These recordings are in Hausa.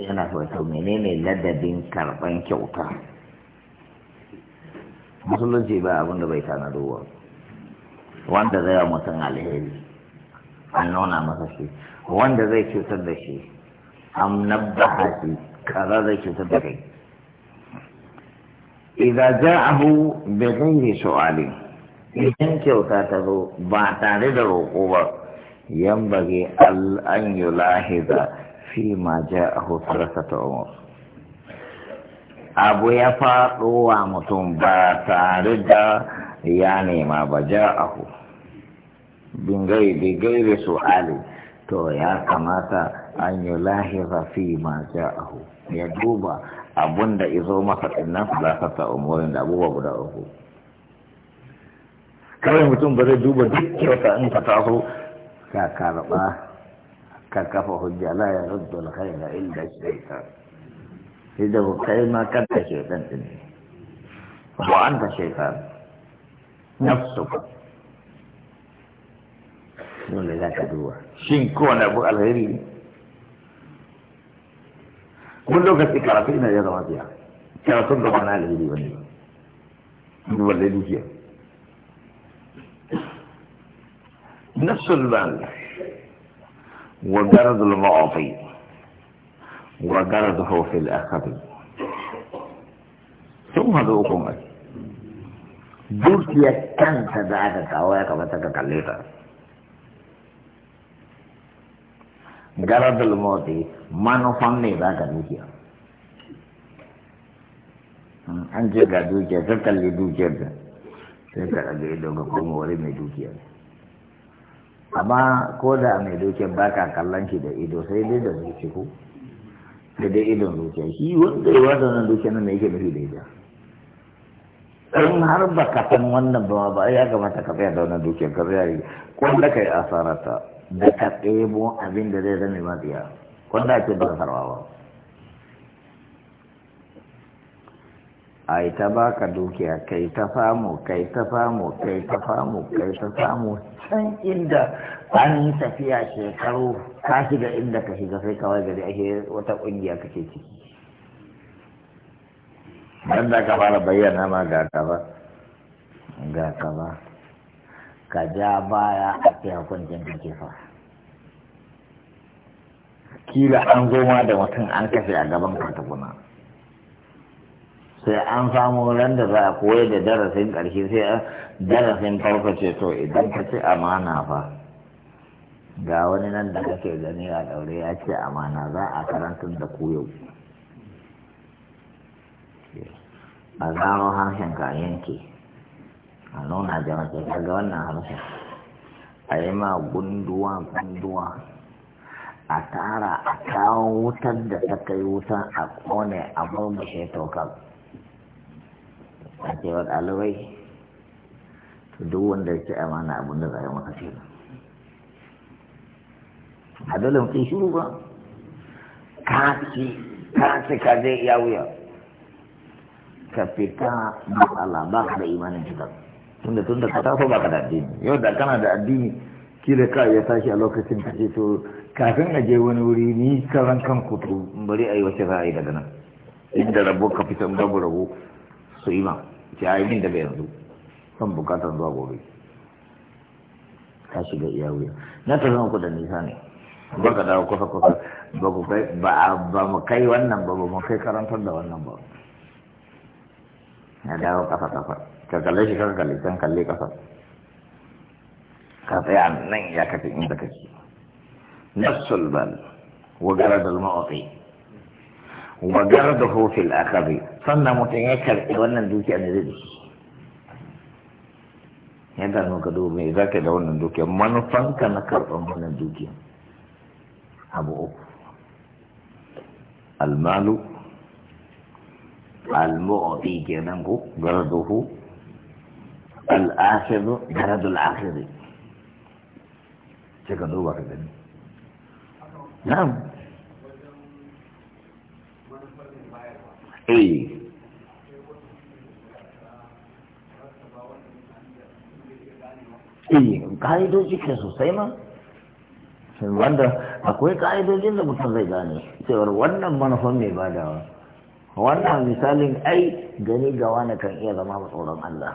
sai yana kyauta menene ladabin karban kyauta musulunci ba abin da bai tana ba wanda zai wa mutum alheri an nuna masa shi wanda zai cutar da shi an nabba shi kaza zai cutar da kai idan ja'ahu bi ghairi ali. idan kyauta ta zo ba tare da roƙo ba yan bage an yi lahiza fi ma ja a ja'ahu salasata umur abu ya faɗo mutum ba tare da ya nema ba ja'ahu bin su ali to ya kamata an yi lahira fi ma ja hu ya duba abun da izo masa ɗinnan salasata umurin da abubuwa guda uku kawai mutum ba zai duba duk kyauta in ka taso ka karɓa كفه لا يرد الخير الا الشيطان اذا خير ما كنت شيطان وانت شيطان نفسك لا لك دوا شنكون ابو الهري كل لغه كرافين يا رواتيا كرافين دوما الهري والنبي هو الذي فيها نفس المال وجرد المعاطي وجرده في الأخذ ثم ذوقهم أي دوكيا كان تدعك كوايا كبتك كالليتا جرد المعاطي ما نفعني ذاك دوكيا an ce ga dukiya ta kalli dukiyar da sai ka ɗaga ido ga kuma wani mai dukiyar amma ko da mai dokin baka kallon shi da ido sai dai da zuci ko da dai idon zuciya shi wanda ya wata wannan zuciya nan yake nufi da ita in har ba ka san wannan ba ba ya kamata ka tsaya da wannan dukiyar ka zai kwanda ka yi asararta da ka ɗebo abin da zai zama matsiya kwanda ake ba sarwa ba a ta baka dukiya kai ta famu kai ta famu kai ta famu kai ta famu san inda an yi tafiya shekaru ka shiga inda ka shiga sai kawai gari ake wata ƙungiya kake ciki dan da ka fara bayyana ma ga kaza ga kaza ka ja baya a ce hukuncin ka ke fa kila an zo ma da mutum an kashe a gaban ka tukuna sai an samu ran da za a koyar da darasin ƙarshe sai darasin farko ce to idan ka ce amana fa ga wani nan da kake gani a ɗaure ya ce amana za a karantar da ku yau a zaro harshen ka yanke a nuna jama'a ce ga wannan harshen a yi ma gunduwa gunduwa a tara a kawo wutar da ta kai wutar a kone a murmushe tokar a cewa ɗalibai duk wanda ya ce amana abin da za maka ce a dole mutum shiru ba ka ci ka ka zai iya wuya ka fita matsala ba ka da imanin kita tunda tunda ka taso ba ka da addini yau da kana da addini kila ka ya tashi a lokacin ka ce to kafin a je wani wuri ni karan kan kutu bari ayi yi wace za a daga nan inda rabu ka fita babu rabo su ima ce a yi da bai yanzu son bukatar zuwa gobe ta shiga iya wuya na ta zama da nisa ne ba ka dawo kusa kusa ba ku kai ba mu kai wannan ba ba mu kai karantar da wannan ba na dawo kafa kafa ka kalle shi kan kalle can kalle kafa ka tsaya nan ya kace inda kake nafsul bal wa garad al mu'ti wa garadahu fil akhari sannan mutum ya karɓi wannan dukiya ne zai dashi yadda nun ka dubu mai za ka da wannan dukiya manufanka na karɓar wannan dukiya abu uku almalu al-mu'ti kenan ko garaduhu al'asiru akhir garadul asiri sai ka duba ka gani na'am eh, eh ke sosai ma wanda akwai ƙa'idojin da mutum zai gane cewar wannan manufan mai badawa wannan misalin ai gani ga wani kan iya zama matsoron Allah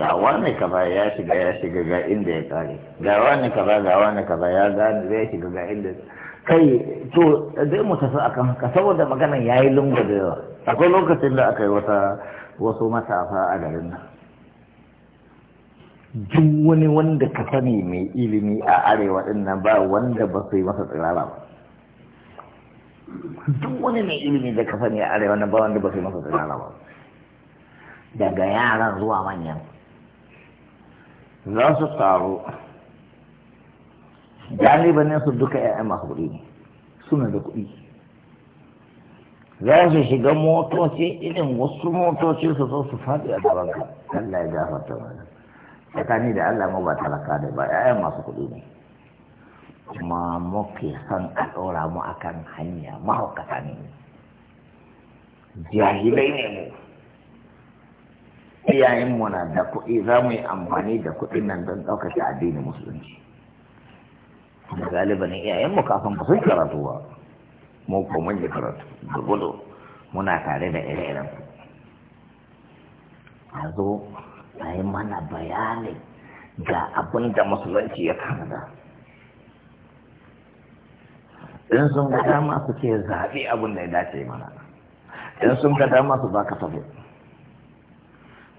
ga wani kaza ya shiga ya shiga ga inda ya kare ga wani kaza ga wani kaza ya gane zai shiga ga inda kai to zai mu tafi akan haka saboda magana ya yi lungu da yawa akwai lokacin da aka yi wata wasu matasa a garin nan duk wani wanda ka sani mai ilimi a arewa din nan ba wanda ba su yi masa tsirara ba duk wani mai ilimi da ka sani a arewa nan ba wanda ba su yi masa tsirara ba daga yaran zuwa manyan za su taru galibanin su duka ƴaƴan kuɗi ne suna da kuɗi za su shiga motoci irin wasu motoci su zo su faɗi a gaban ka Allah ya gafarta mana tsakani da Allah ma ba talaka da ba ƴaƴan masu kuɗi ne kuma muke son a ɗora mu akan hanya mahaukata ne jahilai ne mu iyayenmu na da kuɗi za mu yi amfani da kuɗin nan don ɗaukaka addinin musulunci da iyayen mu kafin ba sun karatu ba mu ko mun yi karatu da gudu muna tare da ire-iren a zo a yi mana bayani ga abin da musulunci ya kanada in sun ga dama su ke zaɓi abin da ya dace mana in sun ga dama su baka tafiya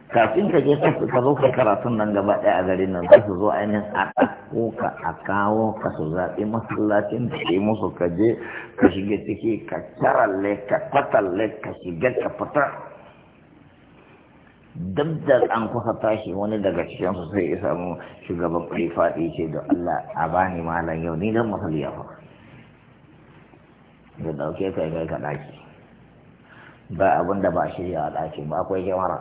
kafin ka je ka zo ka karatun nan gaba ɗaya a garin nan za su zo ainihin a ɗauko ka a kawo ka su zaɓi masallacin da ke musu ka je ka shiga ciki ka taralle ka kwatalle ka shiga ka fita duk da an kusa tashi wani daga cikin su sai ya samu shugaban kuɗi faɗi ce da Allah a bani malam yau ni dan masalli ya da ɗauke ka kai ka ɗaki ba abin da ba shirya a ɗaki ba akwai jama'a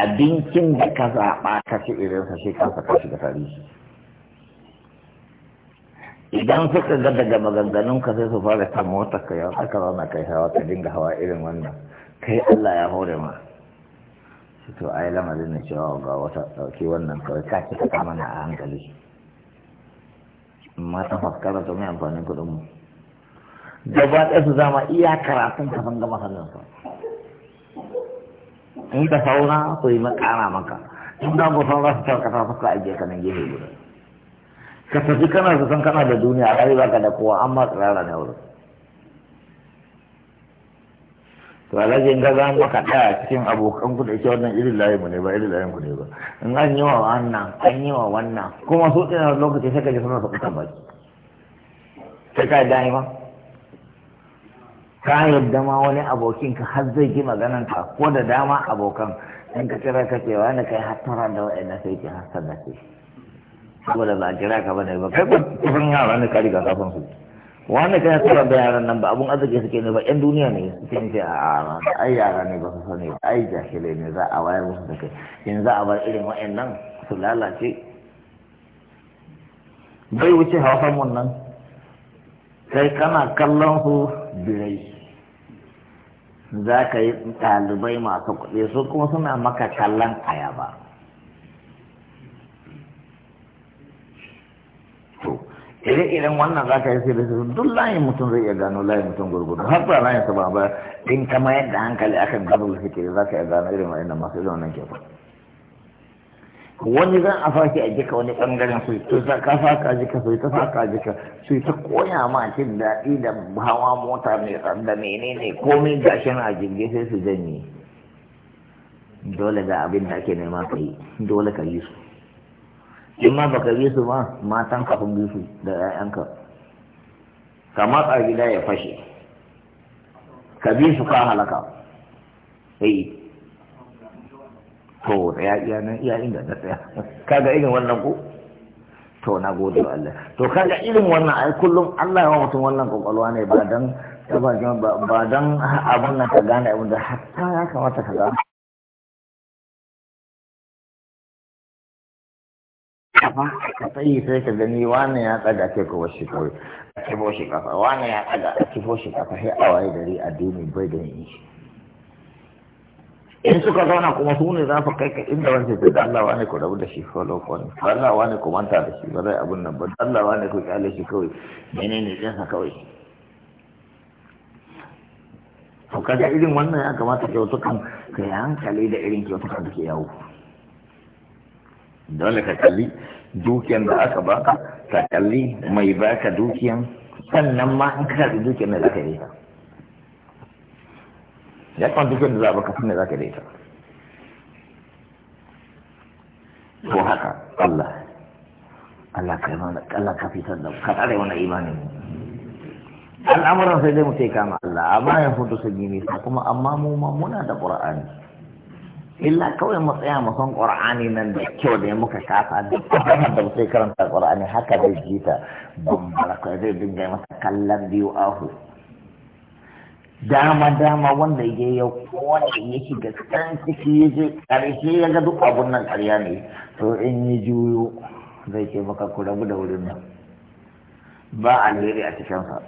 abincin da ka zaɓa ka irinsa shi kansa ka da tarihi idan suka ga daga maganganun ka sai su fara ta mota ka yau aka zauna kai hawa ka dinga hawa irin wannan kai Allah ya hore ma su to ai lamarin na cewa ga wata ɗauki wannan kawai ka ci ka mana a hankali amma ta faskara ta mai amfanin kuɗinmu gaba ɗaya su zama iya karatun kafin gama sannan sau in da saura to yi makara maka in da ku saura su tarkata suka ajiye ka nan gefe guda ka tafi kana su san kana da duniya a kai baka da kowa amma tsirara ne wurin to alhaji in ka za maka daya cikin abokan ku da ke wannan irin layinmu ne ba irin layinmu ne ba in an yi wa wannan an yi wa wannan kuma su ɗina lokaci sai ka ji suna su kuka baki sai ka yi dani ba ka yadda ma wani abokin ka har zai ji maganan ka ko da dama abokan in ka kira ka ce wani kai hattara da wa'ina sai ki har sanda ke saboda ba a kira ka ba ne ba kai ba kusan yara ne ka riga kafin su wani kai tara da yaran nan ba abun arziki suke ne ba yan duniya ne suke ne a ai yara ne ba su sani ai jahilai ne za a wayar musu da kai In za a bar irin wa'annan su lalace bai wuce mun nan sai kana kallon su birai za ka yi ɗalibai masu kuɗi su kuma suna maka kallon ayaba to ire irin wannan za ka yi sai da su duk layin mutum zai iya gano layin mutum gurgudu har ba layin su ba ba in kama yadda hankali akan gano da suke za ka iya gano irin wa'in da masu irin ke kyau wani zan a faki a jika wani bangaren su to sa ka faka jika su ta faka jika su ta koya ma cin daɗi da hawa mota mai tsada menene komai gashin a jirgin sai su janye dole ga abin da ake nema ka yi dole ka yi su in ma baka yi su ma matan ka sun su da 'ya'yanka ka matsa gida ya fashe ka bi su ka halaka eh to ya iya nan iya inda na tsaya kaga irin wannan ko to na gode wa Allah to kaga irin wannan ai kullum Allah ya mutum wannan kokolwa ne ba dan ba dan abun nan ka gane abun da hatta ya kamata ka gane kafa ka yi sai ka gani wani ya tsaga ke ko shi ko kifo shi kafa wani ya tsaga kifo shi kafa sai a waye gari addini bai da yin shi in suka zauna kuma su ne za su kai ka inda wanda ce da Allah wane ku rabu da shi fa lokon Allah wane ku manta da shi ba zai abin nan ba Allah wane ku kyale shi kawai menene zai sa kawai to kaga irin wannan ya kamata kyautukan ka yi hankali da irin kyautukan da ke yawo dole ka kalli dukiyan da aka baka ka kalli mai baka dukiyan sannan ma in ka kalli dukiyan da aka yi ta ya kan duk da za baka tunne zaka da ita ko haka Allah Allah kai mana Allah ka fitar da ka tsare wannan imanin al'amuran sai dai mu sai kama Allah amma ya fito sun yi nisa kuma amma mu ma muna da Qur'ani illa kawai mu tsaya mu san Qur'ani nan da kyau da muka kafa duk da sai karanta Qur'ani haka zai jita bambara kai zai dinga masa kallon biyu ahu dama dama wanda ya ya wani ya shiga can ciki ya je ƙarshe ya ga duk abun nan ƙarya ne to in yi juyo zai ce maka ku rabu da wurin nan ba alheri a cikinsa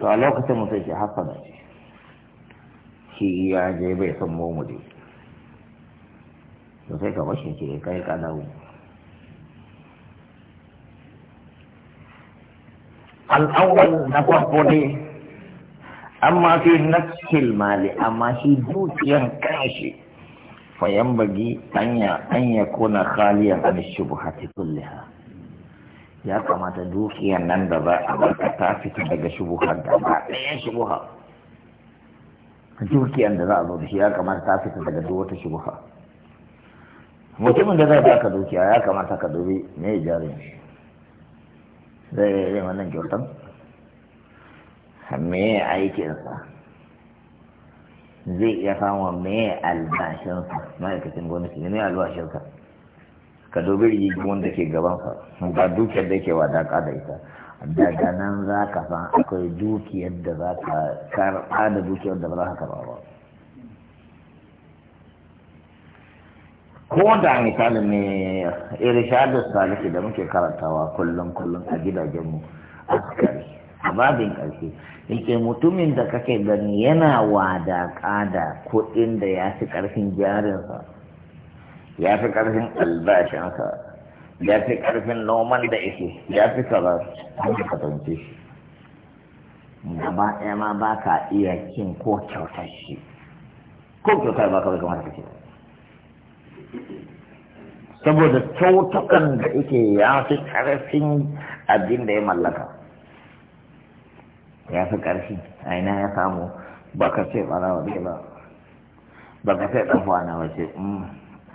to a lokacin mutum ke haka shi ya je bai san mu dai to sai ka bashin ke kai ka dawo al'awwal na farko ne amma fi nafsil mali amma shi dukiyan Fa fayan bagi anya anya kuna khaliya an shubhati kulliha ya kamata dukiyan nan da za a baka ta fita daga shubuhar da ba ɗaya shubha dukiyan da za a zo da shi ya kamata ta fita daga duk wata shubha mutumin da zai baka dukiya ya kamata ka dubi me jarin shi zai yi wannan kyautan me aikinsa zai iya samun me albashinsa ma'aikacin gwamnati ne me albashinsa ka dubi rigigi wanda ke gabansa ga dukiyar da yake wadaka da ita daga nan za ka san akwai dukiyar da za ka karɓa da dukiyar da ba za ka karɓa ba ko da misali ne irshadu saliki da muke karantawa kullum kullum a gidajenmu a a babin ƙarshe yake mutumin da kake gani yana wada kada kuɗin da ya fi ƙarfin jarinsa ya fi ƙarfin albashinsa ya fi ƙarfin noman da yake ya fi kaza shi gaba ɗaya ma ba ka iya kin ko kyautar shi ko kyautar ba ka bai kamar kake saboda kyautukan da yake ya fi ƙarfin abin da ya mallaka ya fi ƙarfi a ina ya samu ba ka ce ɓara dai ba ba ka ce ɗanfuwa na wace mm.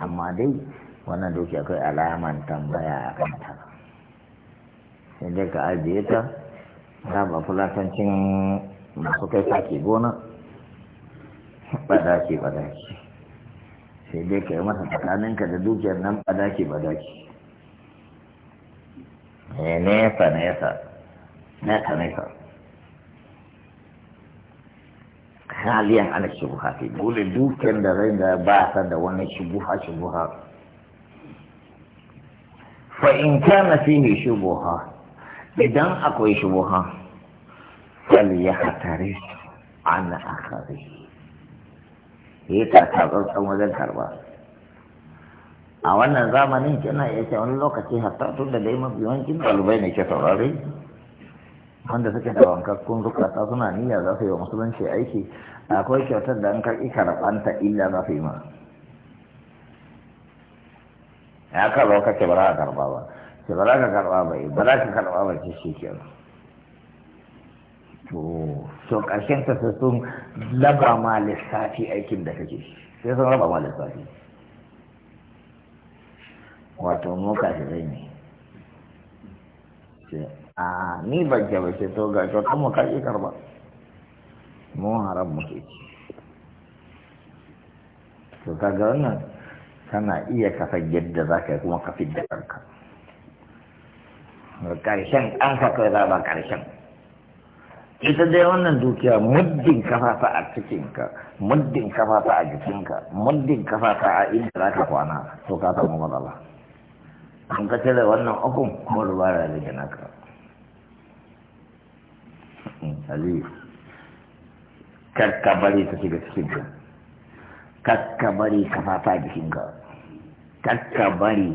amma dai wannan dukiya akwai alaman tambaya a kanta sai dai ka ajiye ta ta ba fulatancin masu kai sake gona ba za ɓadace sai dai ka yi masa tsakaninka da dukiyar nan ba ɓadace eh, ne nesa nesa nesa nesa Kaliyan ana shubuha fi dole dukiyar da zai ga ba ta da wani shubuha shubuha fa in kana fihi shubuha idan akwai shubuha fal ya hatare an akhari ya ta tsantsan wajen karba a wannan zamanin kina ya ce wani lokaci hatta tun da dai mafi yawancin ɗalibai ne ke saurare wanda suke da wankakkun zukata suna niyya za su yi wa musulunci aiki akwai kyautar da an karɓi karɓanta illa za su yi ma ya karɓa ka ce ba za ka karɓa ba ce ba za ka karɓa ba ba za ka karɓa ba ce shi ke to so ƙarshen ta sun laba ma lissafi aikin da kake sai sun raba ma lissafi wato mu shi zai ne a ni ban ke ba ce to ga kyautar mu kaƙi karba mu haram mu ke ci to ga wannan kana iya kafa yadda za ka yi kuma ka da kanka ƙarshen an ka kai za ba ƙarshen ita dai wannan dukiya muddin kafafa a cikinka muddin kafafa a jikinka muddin kafafa a inda za ka kwana to ka samu matsala an ka cire wannan ukun kuma ruwa da naka aliyu kakka bari ta shiga cikin ka kakka bari ka fata jikin ka kakka bari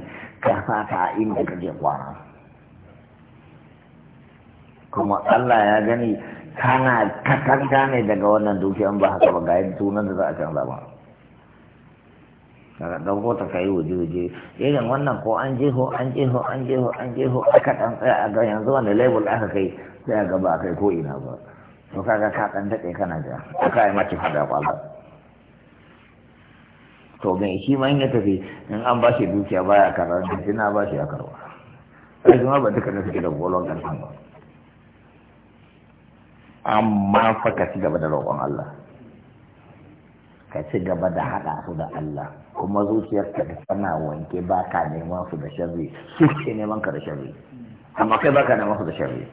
ka fata inda kake kwana kuma Allah ya gani kana katanga ne daga wannan dukiyan ba haka ba ga yin tunan da za a canza ba daga ɗauko ta kayi waje-waje irin wannan ko an jeho an jeho an jeho an jeho aka ɗan tsaya a ga yanzu wani label aka kai sai a gaba kai ko ina ba to kaga ka ɗan daɗe kana da aka yi mace fada kwallon to me shi ma ya tafi in an bashi dukiya baya karar da sina ba shi a karwa sai kuma ba duka na suke da golon ƙarfin ba amma fa ka ci gaba da roƙon Allah ka ci gaba da haɗa su da Allah kuma zuciyarka da sana wanke ba ka neman su da sharri su ke neman ka da sharri amma kai ba ka neman su da sharri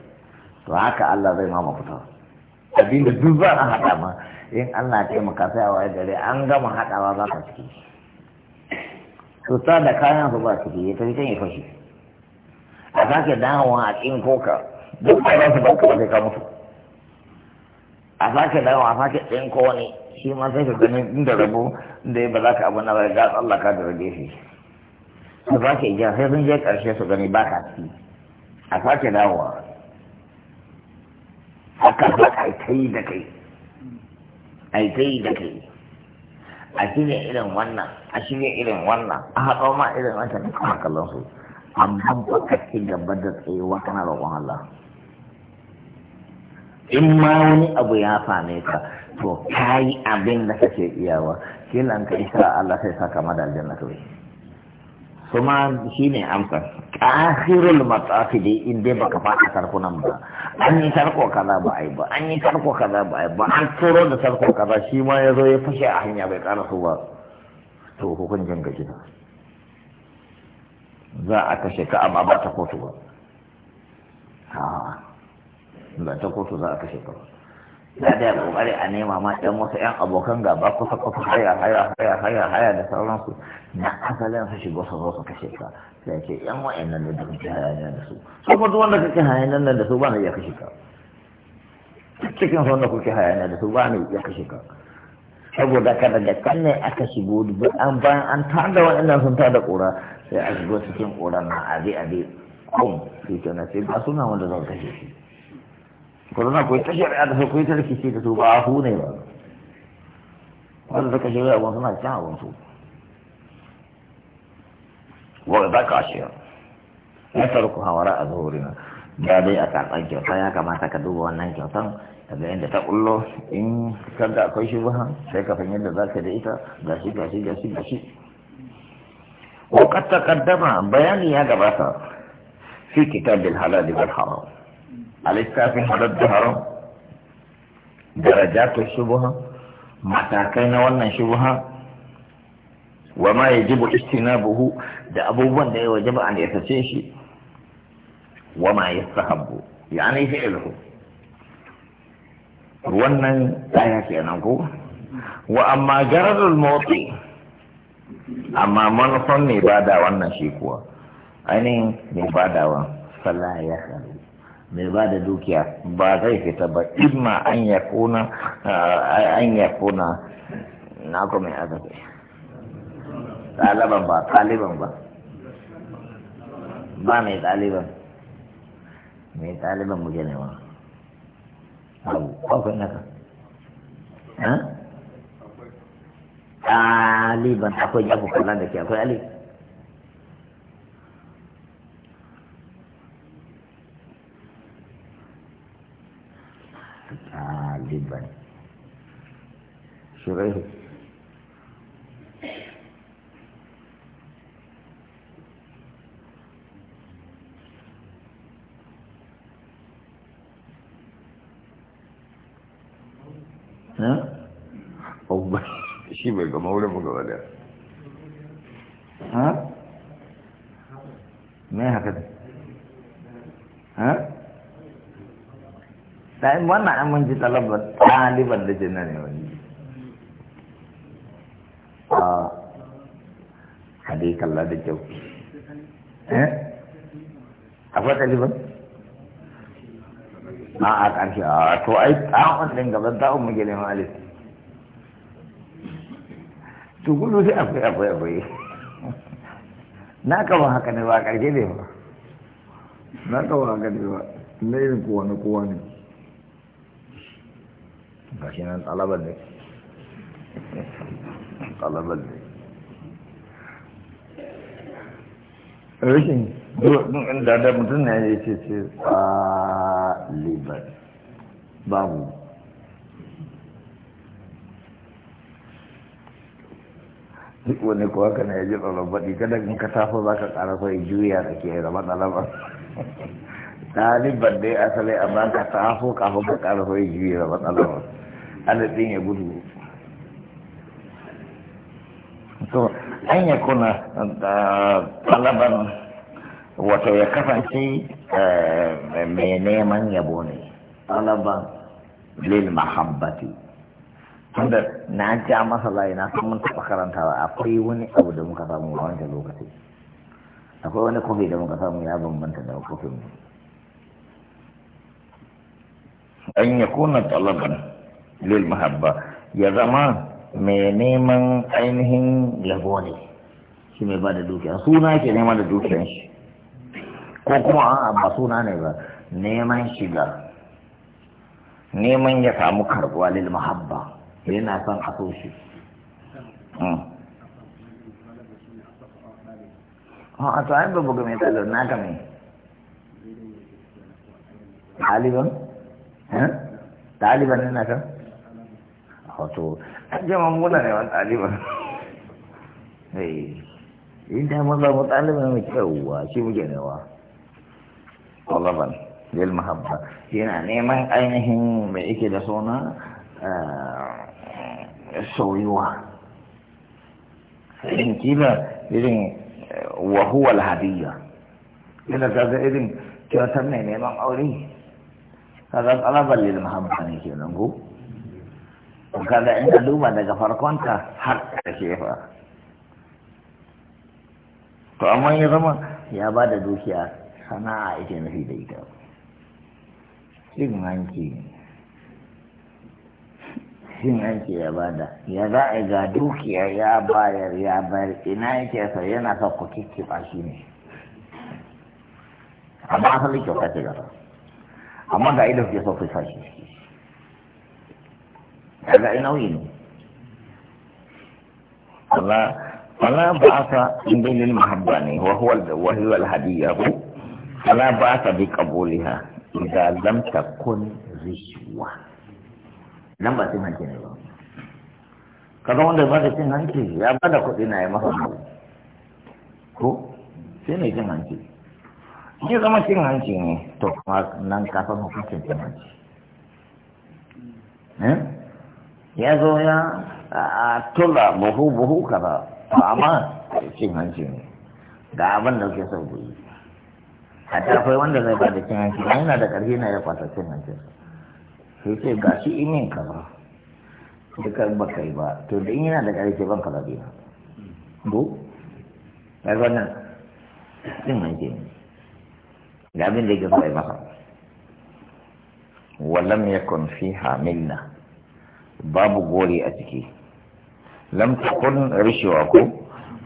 to haka Allah zai ma abin da duk za a haɗa ma in Allah ce maka sai a waye gare an gama haɗawa za ka ciki to sa da kayan su ba ciki ya tafi can ya fashe a sake dawowa a ƙin koka duk ba za su ba ka ba sai ka mutu a sake dawowa a sake ɗin ko wani shi ma sai ka gani inda rabo da ya ba za ka abu na bai Allah ka da rage shi su ba ka iya sai sun je karshe su gani ba ka ci a sake dawowa a ka ba ka kai da kai a ai kai da kai a shirya irin wannan a shirya irin wannan a haɗo ma irin wancan da kuma kallon su amma ba ka ci gaba da tsayuwa kana roƙon Allah in ma wani abu ya same ka to kayi abin da kake iyawa shi nan ka isa Allah sai saka mada aljanna to kuma shi ne amsa kafirul matsafi dai in dai baka fada sarkunan ba an yi sarko kaza ba ai ba an yi sarko kaza ba ai ba an turo da sarko kaza shi ma ya zo ya fashe a hanya bai kara su ba to hukuncin ga gida za a kashe ka amma ba ta kotu ba ba ta kotu za a kashe ka ya da kokari a nema ma ɗan wasu ƴan abokan gaba kusa kusa haya haya haya haya haya da sauransu na asalin su shigo su zo su kashe ka sai ce ƴan nan da kake hayaniya da su su kuma duk wanda kake hayaniya nan da su ba ne ya kashe ka cikin su wanda kuke hayaniya da su ba ne ya kashe ka saboda ka daga kan ne aka shigo an bayan an tada wa'annan sun tada ƙura sai a shigo cikin ƙura na abi abi kun ta na sai ba suna wanda zan kashe shi ku zama yi ta shari'a da sai ku yi ta rikici da su ba a ne ba wanda suka shirya abin na can abin su wa za ka shiyar na tarku hawara a zuhurina ya dai a karɓar kyauta ya kamata ka duba wannan kyautan daga yadda ta kullo in kanka akwai shubha sai ka fahimci yadda za ka da ita ga shi ko gashi وقد bayani ya gabata. fi kitabin كتاب الحلال والحرام a halar da haram daraja ta shubuha matakai na wannan shubuha wa ma yajibu istinabuhu da abubuwan da ya wajaba an yasace shi wa ma yastahabbu yani fi'luhu wannan tsaya nan ko wa amma garadul mawti amma manufan mai bada wannan shi kuwa ainihin mai badawa sallah ya karu mai ba da dukiya ba zai fita ba imma an ya kuna an ya kuna na kuma ya zaɓe ɗaliban ba ɗaliban ba ba mai ɗaliban mai ɗaliban gane nema abu kwakwai naka ɗaliban akwai jafi kula da ke akwai alif شريح ها أو شيء بقى مولى مقولة ها ما هكذا ها طيب وانا عم نجي طلب طالبا لجنان يا ولي kalla da kyau eh akwai kaliban a a ƙarshe a to ai tsawon ɗin gaban tsawon mu gele malis to gudu sai akwai akwai akwai na kama haka ne ba ƙarshe ne ba na kama haka ne ba na yin kowa na kowa ne ga shi nan talabar ne talabar ne duk da da mutum na ya ce ce ɗaliban babu duk wani kuwa kana ya ji tsoron baɗi kada in ka tafi za ka ƙara so juya da ke zama na ɗaliban dai asali amma ka tafi kafin ka ƙara so juya zama lama alaɗin ya gudu an ya kuna talaban wato ya kasance eh, mai neman yabo ne talaban lil mahabbati tunda na ja masa layi na san mun taɓa karanta karantawa akwai wani abu da muka samu a wancan lokaci akwai wani kofi da muka samu ya bambanta da kofin mu an ya kuna talaban lil mahabba ya zama mai neman ainihin yabo ne shi mai ba da dukiya suna ke nema da dukiyan shi ko kuma an ba suna ne ba neman shiga neman ya samu karbuwa lil mahabba yana son a so shi hmm. a tsayin babu game da na game taliban? Eh? taliban ne na kan wato jaman muna ne wani ɗaliban in da maza mu ɗaliban mu kyauwa shi muke newa ƙwalaban lil mahabba yana neman ainihin mai ike da suna soyuwa irin kila irin wahuwal hadiyya yana kaga irin kyautar mai neman aure kaga ƙwalaban lil mahabba ne kenan ko to kaga ina ka duba daga farkonta har ƙarshe fa to amma ya zama ya ba da dukiya sana'a ita nufi da ita cin hanci cin hanci ya ba da ya za a ga dukiya ya bayar ya bayar ina yake sa yana sa ku kikkiɓa shi ne amma asali kyauta ce gaba amma ga ido ke so ku kaga ai nauyi ne Allah fala ba'asa in bainal mahabba ne wa huwa wa huwa al-hadiyya fala ba'asa bi qabuliha idza lam takun rishwa nan ba sai hanci ne ba kaga wanda ba da cin hanci ya ba da kuɗi na ya masa ko sai ne cin hanci ya zama cin hanci ne to nan ka san hukuncin cin hanci eh ya zo ya tula buhu buhu kaza to amma cin hanci ne ga abin da ke sau guyi yi hatta akwai wanda zai ba da cin hanci na yana da ƙarfi na ya kwata cin hanci sai ce ga shi imin yin kaza duka ba kai ba to da in yana da ƙarfi ban kaza biya bu ya zo nan cin hanci ne ga abin da ke so ya masa ya يكن فيها مِلَّةٌ babu gori a ciki lam takun rishewa ko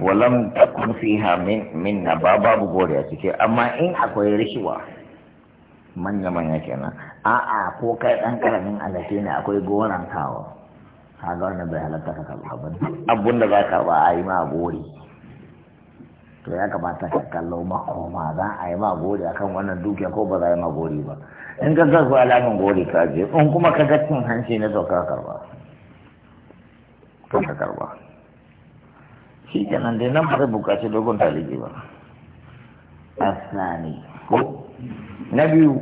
lam takun fiha min minna ba babu gori a ciki amma in akwai rishewa manya manya kenan a'a ko kai dan karamin alake ne akwai goran kawo kaga wannan bai halatta ka ba abun da za ka ba a yi ma gori to ya kamata ka kallo makoma za a yi ma gori kan wannan dukiya ko ba za a yi ma gori ba in ka ga alamin gori ka je in kuma ka ga cin hanci na to ka karba to karba shi kenan dai nan ba zai bukaci dogon taliki ba asani ko na biyu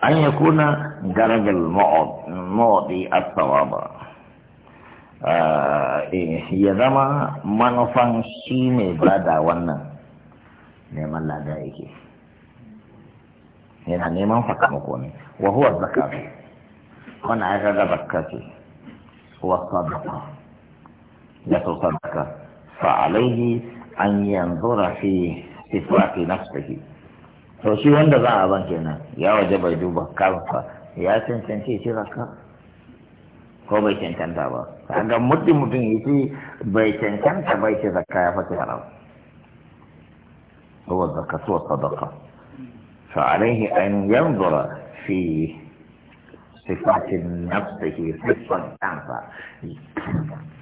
an yakuna darajar ma'adi as-sawaba Eh, ya zama manufan shi ne bada wannan neman lada yake yana neman fakamako ne wa huwa ne wani ya ga zaka ce wa sadaka ya so sadaka fa alaihi an yanzura fi sifati nafsihi to shi wanda za a ban kenan ya waje bai duba kansa ya cancanci shi zaka ko bai cancanta ba ga muddin mutum ce, bai cancanta bai ce zakka ya fata haram هو الزكاة والصدقة فعليه أن ينظر في صفات نفسه صفة أنفع